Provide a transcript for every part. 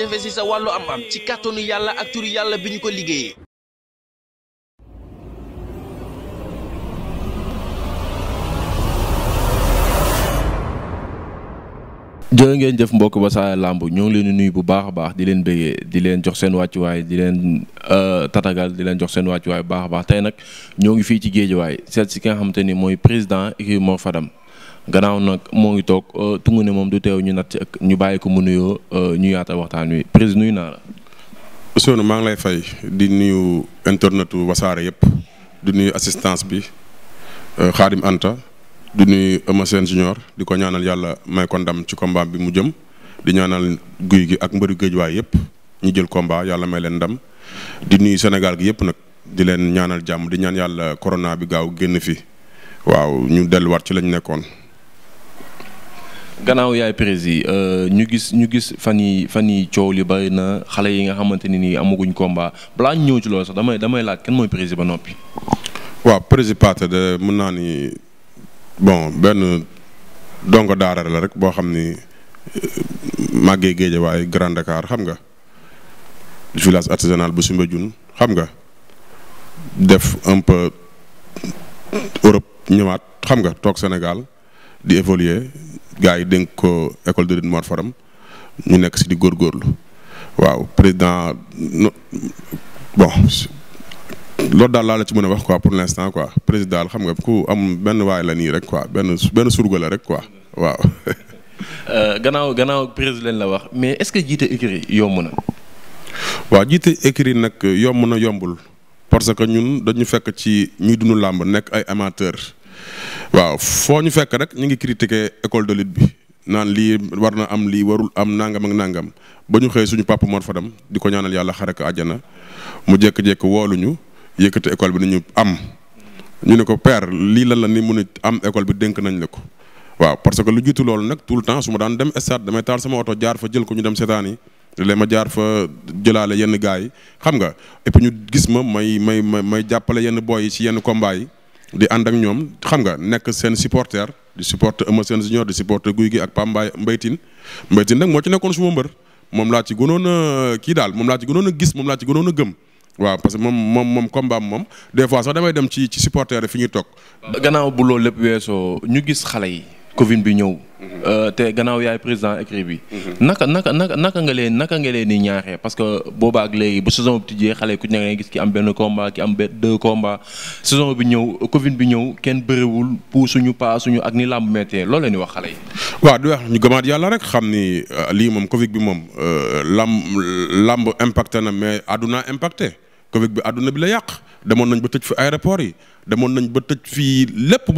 jafe si sa wàllu am-am ci kàttanu yàlla ak turu yàlla bi ko liggéeyee. jërë ngeen jëf mbokk Wassare Lamb ñoo ngi leen di nuyu bu baax a baax di leen bëggee di leen jox seen wàccuwaay di leen euh, tatagal di leen jox seen wàccuwaay bu baax baax tey nag ñoo ngi fii ci géejuwaay seet si ki nga xamante ni mooy président écurie Mor Fadam gannaaw nag moo ngi toog euh, tungu ne moom du teew ñu nat ci ak ñu bàyyi ko mu nuyoo euh, ñu yaatal waxtaan wi président nuyu naa la. Ousseynou maa ngi lay fay di nuyu internetu wasaare yëpp di nuyu assistance bi Xaadim euh, Anta di nuyu Eumeu Sène junior di ko ñaanal yàlla may ko ndam ci combat bi mu jëm di ñaanal guy gi ak mbëru géej waay yëpp ñu jël combat yàlla may leen ndam di nuyu Sénégal gi yëpp nag di leen ñaanal jàmm di ñaan yàlla corona bi gaaw génn fi waaw ñu delluwaat ci lañ nekkoon. gannaaw yaay prési euh, ñu gis ñu gis fan yi fan yi coow li bari na xale yi nga xamante ni nii amaguñ combat balaa ñu ñëw ci loolu sax damay damay laaj kenn mooy prési ba noppi. waaw prési Pathé de mën naa ni bon benn dongo daara la rek boo xam ni euh, màggee géej waaye Grand Dakar xam nga village artisanal bu Soumbédioune xam nga def un peu Europe ñëwaat xam nga toog Sénégal. di évoluer gaa yi dénk ko école de Mor Faram ñu nekk si di góor góorgóorlu waaw président bon lool daal laa la ci mën a wax ko pour l'instant quoi président xam nga ku am benn waay la nii rek quoi benn benn surga la rek quoi waaw. Euh, gannaaw gannaaw président la wax mais est-ce que jiite écurie yomb na. waa jiite écurie nag yomb na yombul parce que ñun dañu fekk ci ñuy dund làmb nekk ay amateur waaw foo ñu fekk rek ñu ngi critiquer école de lutte bi naan lii war na am lii warul am nangam ak nangam ba ñu xëyee suñu papa fa dem di ko ñaanal yàlla xare ko àjjana mu jékki-jékki wooluñu yëkkati école bi ni ñu am. ñu ne ko père lii lan la ni mun a am école bi dénk nañ la ko waaw parce que lu jiitu loolu nag tout le temps su ma daan dem stade damay taal sama oto jaar fa jël ko ñu dem seetaan yi ma jaar fa jëlaale yenn gars yi xam nga et puis ñu gis ma may may may jàppale yenn boy yi ci yenn combat di ànd ak ñoom xam nga nekk seen supporter di supporter Eumeu Sène Junior di supporter Gouye Gui ak Pape Mbaye Mbaye Tine Mbaye moo ci nekkoon suma mbër moom laa ci gënoon a kii daal moom laa ci gënoon a gis moom laa ci gënoon a gëm waaw parce que moom moom moom combat moom des fois sax dem ci ci supporter fi ñuy toog. gannaaw bu loolu lépp weesoo ñu gis xale yi. Covid bi ñëw. Mhm. Euh, te gannaaw yaay président écrit bi. Mhm. naka naka naka naka nga leen naka nga leen di ñaaxee parce que boobaa ak léegi bu saison bi tijjee xale ku ne ngay gis ki am benn combat ki am benn deux combat saison bi ñëw Covid bi ñëw kenn suñu puusuñu paasuñu ak ni làmb méttee loolu la ñuy wax xale yi. waaw di wax ñu gëmaat yàlla rek xam ni euh, lii moom Covid bi moom euh, làmb làmb impacté na mais àdduna impacte Covid bi àdduna bi la yàq demoon nañ ba tëj fi aéroport yi demoon nañ ba tëj fii lépp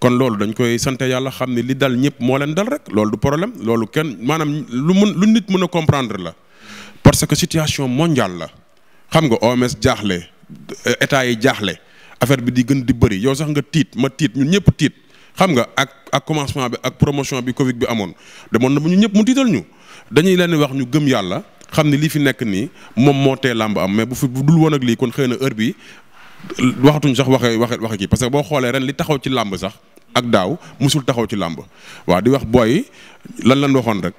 kon loolu dañ koy sant yàlla xam ne li dal ñëpp moo leen dal rek loolu du problème loolu kenn maanaam lu mën lu nit mën a comprendre la parce que situation mondial la xam nga OMS jaaxle état yi jaaxle affaire bi di gën di bëri yow sax nga tiit ma tiit ñu ñëpp tiit xam nga ak ak commencement bi ak promotion bi Covid bi amoon demoon na ba ñun ñëpp mu tiital ñu dañuy leen wax ñu gëm yàlla xam ne lii fi nekk nii moom moo tee làmb am mais bu fi bu dul woon lii kon xëy na heure bi waxatuñ sax waxe waxe waxe kii parce que boo xoolee ren li taxaw ci làmb sax. ak daaw mosul taxaw ci làmb waaw di wax booy lan lan waxoon rek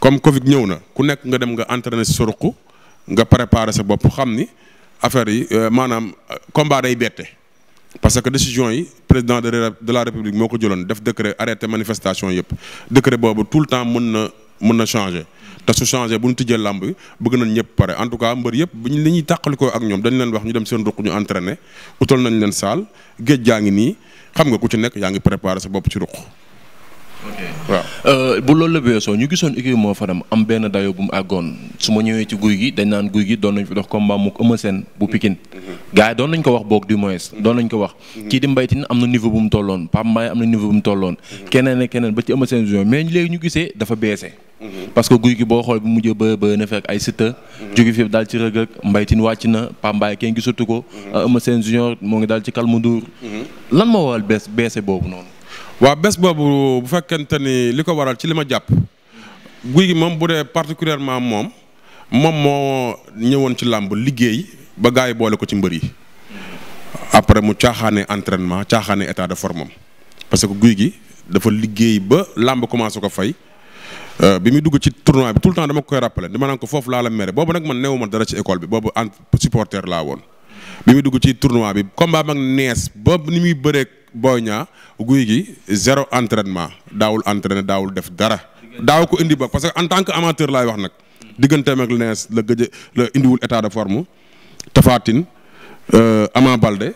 comme Covid ñëw na ku nekk nga dem nga entraîné si sa suruq nga préparé sa bopp xam ni affaire yi euh, maanaam euh, combat day bette parce que décision yi président de la république moo ko jëloon def décret arrêté manifestation yëpp décret boobu tout le temps mën na. mën na changer te su changé bu ñu tijjee làmb bëgg nañ ñëpp pare en tout cas mbër yëpp biñ li ñuy tàqalikoo ak ñoom dañu leen wax ñu dem seen ruq ñu entraîné utal nañ leen saal géej gaa ngi nii xam nga ku ci nekk yaa ngi préparé sa bopp ci ruq waaw euh, bu loolu la weesoo ñu gisoon équipe moo faram am benn dayo bu mu àggoon su ma ñëwee ci guy gi dañ naan guy gi doon nañ fi dox combat mu ëmma seen bu Pikine mhm. gars yi doon nañ ko wax boog du moins mhm. doon nañ ko wax mhm. kii di mbaytin am na niveau bu mu tolloon Pape Mbaye am na niveau bu mu tolloon keneen ak keneen ba ci ëmma seen junior mais léegi ñu gisee dafa beese parce que guy gi boo xool bu mujjee ba ba na fekk ay Siteu jóge fi daal ci rëg ak mbaytin wàcc na Pape Mbaye gisatu ko ëmma euh, seen junior moo ngi daal ci Kalma Ndour lan moo waral bees beese boobu noonu waa bés boobu bu fekkente ni li ko waral ci li ma jàpp guy gi moom bu dee particulièrement moom moom moo ñëwoon ci làmb liggéey ba gars yi boole ko ci mbër yi après mu caaxaane entraînement caaxaane état de forme am parce que guy gi dafa liggéey ba làmb commencé ko fay euh, bi muy dugg ci tournoi bi tout temps dama koy rappelé dama naan ko foofu laa la mere boobu nag man newuma dara ci école bi boobu en supporter laa woon bi muy dugg ci tournoi bi combat mag nees ba ni muy bëreek Boy ñaa guy gi zéro entraînement daawul entraîné daawul def dara. daaw ko indi ba parce que en tant que amateur laay wax nag. digganteem ak nees la gëj la indiwul état de forme Tafatine euh, Ama Balde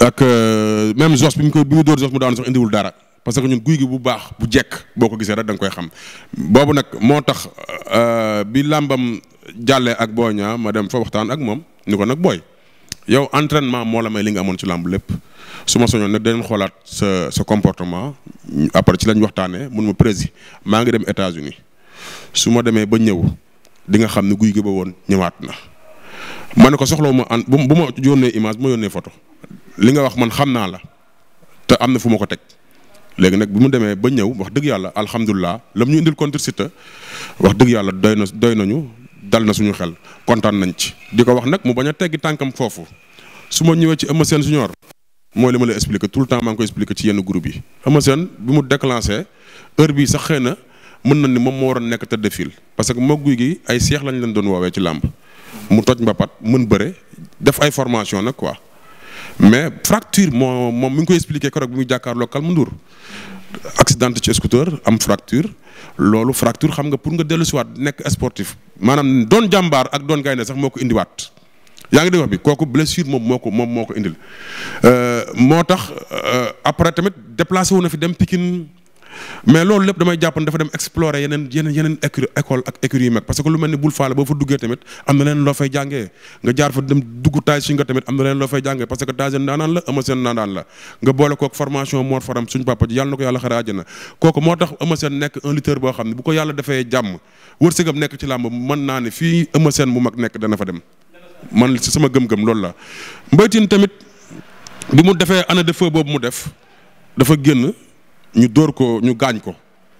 ak euh, même Zos bi mu ko bi mu dóor Zos mu daanu indiwul dara. parce que ñun guy gi bu baax bu jekk boo ko gisee rek danga koy xam boobu nag moo tax euh, bi làmbam jàllee ak Boy ñaa ma dem fa waxtaan ak moom ñu ko nag booy. yow entrainement moo la may li nga amoon ci làmb lépp su ma soñoon nag danañ xoolaat sa sa comportement après ci lañ waxtaanee mun ma prési maa ngi dem États-Unis su ma demee ba ñëw di nga xam ne guy gi ba woon ñëwaat na. ma ne ko soxlawu ma an bu ma yónnee image bu ma yónnee photo li nga wax man xam naa la te am na fu ma ko teg léegi nag bi mu demee ba ñëw wax dëgg yàlla alhamdulilah lam ñu indil contre Siteu wax dëgg yàlla doy na doy nañu. dal na suñu xel kontaan nañ ci di ko wax nag mu bañ a teggi tànkam foofu su ma ñëwee ci Eumeu Sène junior mooy li ma lay expliquer tout le temps maa ngi koy expliquer ci yenn groupe yi Eumeu Sène bi mu déclenché heure bii sax xëy na mën na ni moom moo waroon nekk tëdd fil parce que moo guy gi ay seex lañ leen doon woowee ci làmb mu toj mbapat mën bëre def ay formation nag quoi mais fracture moo moom mu ngi koy expliquer keroog bi muy jàkkaarloo Kalma Ndour accident ci scooter am fracture loolu fracture xam nga pour nga dellu siwaat nekk sportif maanaam doon jàmbaar ak doon gaynde sax moo ko indiwaat yaa ngi dégg wax bi kooku blessure moom moo ko moom moo ko indil euh, moo tax euh, après tamit déplacé wu na fi dem pikin mais loolu lépp damay jàpp ne dafa dem explorer yeneen yeneen yeneen école ak écurie yu mag parce que lu mel ni bul faale boo fa duggee tamit am na leen loo fay jàngee nga jaar fa dem dugg taaj si nga tamit am na leen loo fay jàngee parce que taaj naanaan la ama seen naanaan la nga boole kook formation Mor Faram suñ papa ji yàlla na ko yàlla xare àjjana kooku moo tax ama seen nekk un lutteur boo xam ne bu ko yàlla defee jàmm wërsëgam nekk ci làmb ne fii ama seen mu nekk dana fa dem man si sama gëm-gëm loolu la Mbaye Tine tamit bi mu defee année de feu boobu mu def dafa génn ñu dóor ko ñu gaañ ko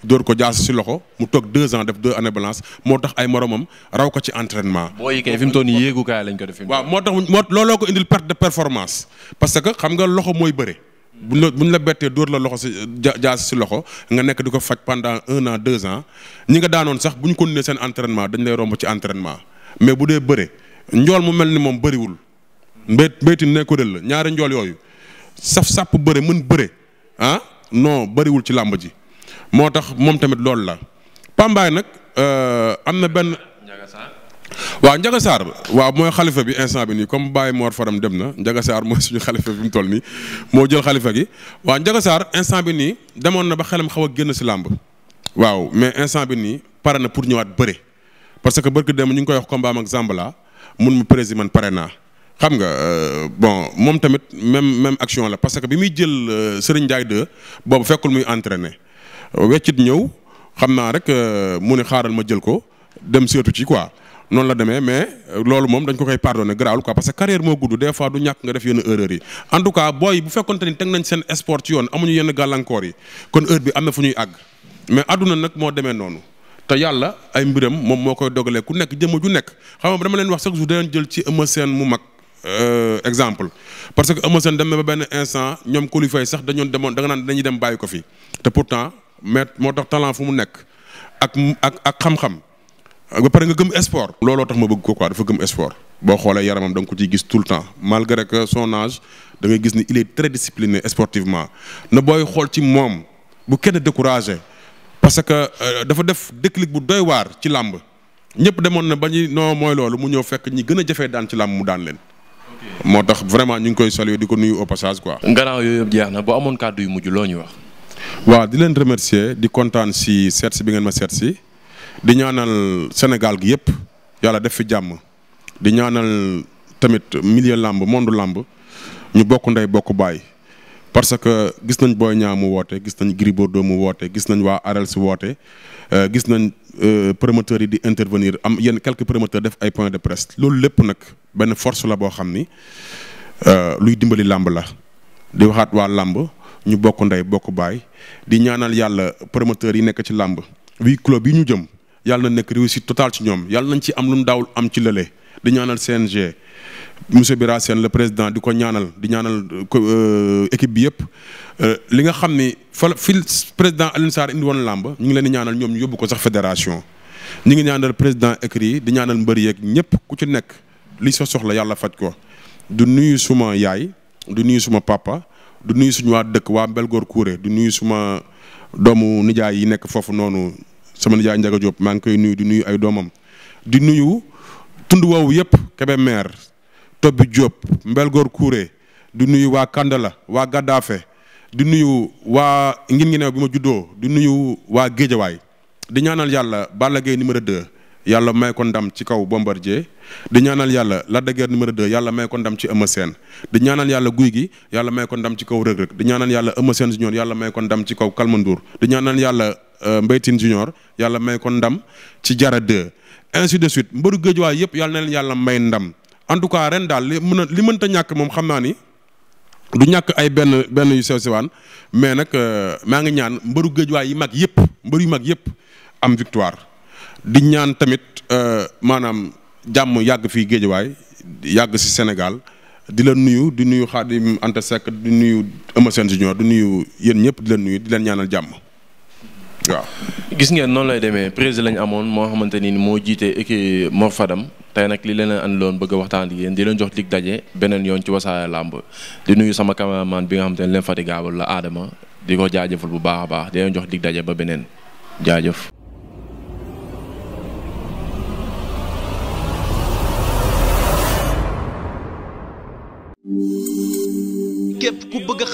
dóor ko jaas si loxo mu toog deux ans def deux années balance moo tax ay moromam raw ko ci entraînement. boo yi kay fi mu toll nii lañ ko def. waaw moo tax moo looloo ko indil perte de performance parce que xam nga loxo mooy bëre. bu la buñ la bettee door la loxo si jaas si loxo nga nekk di ko faj pendant un an deux ans ñi nga daanoon sax bu ñu continuer seen entraînement dañ lay romb ci entraînement mais bu dee bëre njool mu mel ni moom bëriwul. mbéy ne ko kuréel la ñaari njool yooyu saf sàpp bëre mën bëre ah, non bëriwul ci làmb ji moo tax moom tamit loolu la pambaay nag euh, am na benn. waaw Ndiaga Sarr waaw mooy xalifa bi instant bi nii comme Baye Mor Faram dem na Ndiaga Sarr mooy suñu xalifa bi mu toll nii moo jël xalifa gi waaw Ndiaga Sarr instant bi nii demoon na ba xelam xaw a génn si làmb waaw mais instant bi nii pare na pour ñëwaat bëre parce que barki dem ñu ngi koy wax combat am ak Zambala mun ma prési man pare naa xam nga euh, bon moom tamit même même action la parce que bi muy jël euh, Serigne Ndiaye 2 boobu fekkul muy entraîné weccit ñëw xam naa rek euh, mu ne xaaral ma jël ko dem seetu ci quoi noonu la demee mais loolu moom dañ ko koy pardonné garaawul quoi parce que carrière moo gudd des fois du ñàkk nga def yenn erreur yi en tout cas booy bu fekkonte ni teg nañ seen sport ci yoon amuñu yenn gàllankoor yi kon heure bi am na fu ñuy àgg mais àdduna nag moo demee noonu. te yàlla ay mbiram moom moo koy dogalee ku nekk jëmm ju nekk xam nga dama leen wax chaque jour danañ jël ci ëmma seen mu mag. Euh, exemple parce que Eumeu Sène dem na ba benn instant ñoom Coly Faye sax dañoon demoon da nga naan dañuy dem bàyyi ko fi te pourtant mais moo tax talent fu mu nekk ak ak ak xam-xam ba pare nga gëm sport. looloo tax ma bëgg ko quoi dafa gëm sport boo xoolee yaramam da nga ko ciy gis tout le temps malgré que son âge gis ni il très discipliné esportivement na booy xool ci moom bu kenn découragé parce que euh, dafa def déclic bu doy waar ci làmb ñëpp demoon na ba ñu non mooy loolu mu ñëw fekk ñi gën a jafee daan ci làmb mu daan leen. moo tax vraiment ñu ngi koy saluer di ko nuyu au passage quoi. gannaaw yooyu yëpp jeex na boo amoon kàddu yu mujj loo ñuy wax. waaw di leen remercier di kontaan si seet si bi ngeen ma seet si di ñaanal Sénégal gi yëpp yàlla def fi jàmm di ñaanal tamit millier làmb monde làmb ñu bokk ndey bokk baay. parce que gis nañ Boy Niang mu woote gis nañ Gris Bordeaux mu woote gis nañ waa Arels woote euh, gis nañ euh, promoteurs yi di intervenir am yenn quelques promoteurs def ay points de presse loolu lépp nag benn force la boo xam ni euh, luy dimbali làmb la di waxaat waa làmb ñu bokk ndey bokk baay di ñaanal yàlla promoteurs yi nekk ci làmb huis clos bi ñu jëm yàlla na nekk réussite totale ci ñoom yàlla nañ ci am lu mu daawul am ci lële. di ñaanal CNG monsieur Bira Sène la président di ko ñaanal di ñaanal euh, équipe bi yëpp euh, li nga xam ni fa fil président Alioune Sarr indi woon làmb ñu ngi leen di ñaanal ñoom ñu yóbbu ko sax fédération ñu ngi ñaanal président écrit yi di ñaanal mbër yeeg ñëpp ku ci nekk li sa soxla yàlla faj ko du nuyu suma yaay du nuyu suma papa du nuyu suñu waa dëkk waa Mbelgoor Kouré di nuyu suma doomu nijaay yi nekk foofu noonu sama nijaay Njaga Diop maa ngi koy nuyu di nuyu ay doomam di nuyu. tund woowu yëpp Kébémer Tobbi Diop Mbelgoor Kouré di nuyu waa Kandala waa Gaddafe di nuyu waa ngin ngi neew bi ma juddoo di nuyu waa Géejawaay di ñaanal yàlla Balla Gaye numéro 2 yàlla may ko ndam ci kaw Bombardier di ñaanal yàlla Lac de Guiers numéro 2 yàlla may ko ndam ci Eumeu Sène di ñaanal yàlla guy gi yàlla may ko ndam ci kaw Reug Reug di ñaanal yàlla Eumeu Sène junior yàlla may ko ndam ci kaw Kalmandour di ñaanal yàlla euh, Mbaye Tine junior yàlla ndam ci Jara 2 ainsi de suite mbëru géejuwaay yëpp yàlla na leen yàlla may ndam en tout cas ren daal li mën a li mënta ñàkk moom xam naa ni du ñàkk ay benn benn yu sew sewaan mais nag euh, maa ngi ñaan mbëru géejuwaay yi mag yëpp mbëru yu mag yëpp am victoire di ñaan tamit euh, maanaam jàmm yàgg fii géejuwaay yàgg si Sénégal di la nuyu di nuyu Khadim Anta di nuyu Eumeu Sène Junior di nuyu yéen ñëpp di la nuyu di leen ñaanal jàmm waaw gis ngeen noonu lay demee président lañu amoon moo xamante ni moo jiite équipe Mor tey nag li leen andi loon bëgg a waxtaan ak yéen di leen jox dig daje beneen yoon ci Wassare làmb di nuyu sama cameraman bi nga xamante ne l'infatigable la aadama di ko jaajëfal bu baax a baax di leen jox dig daje ba beneen jaajëf.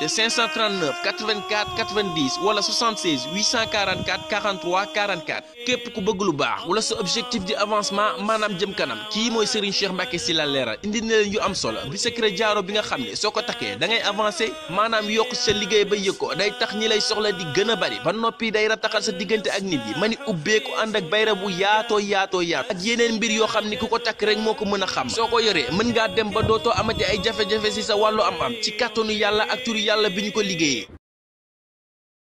78 539 sa objectif di avancement maanaam jëm kanam kii mooy Serigne Cheikh Mbacke si la leeral indi na leen yu am solo bi secret jaaro bi nga xam ne soo ko takkee da ngay avancé maanaam yokk sa liggéey ba yëg ko day tax ñi lay soxla di gën a bari ba noppi day rataxal sa diggante ak nit yi ma ni ubbeeku ànd ak bayra yaatoo yaatoo yaatoo ak yeneen mbir yoo xam ni ku ko takk rek moo ko mën a xam soo ko yoree mën ngaa dem ba dootoo amati ay jafe-jafe yàlla bi ñu ko liggéeyee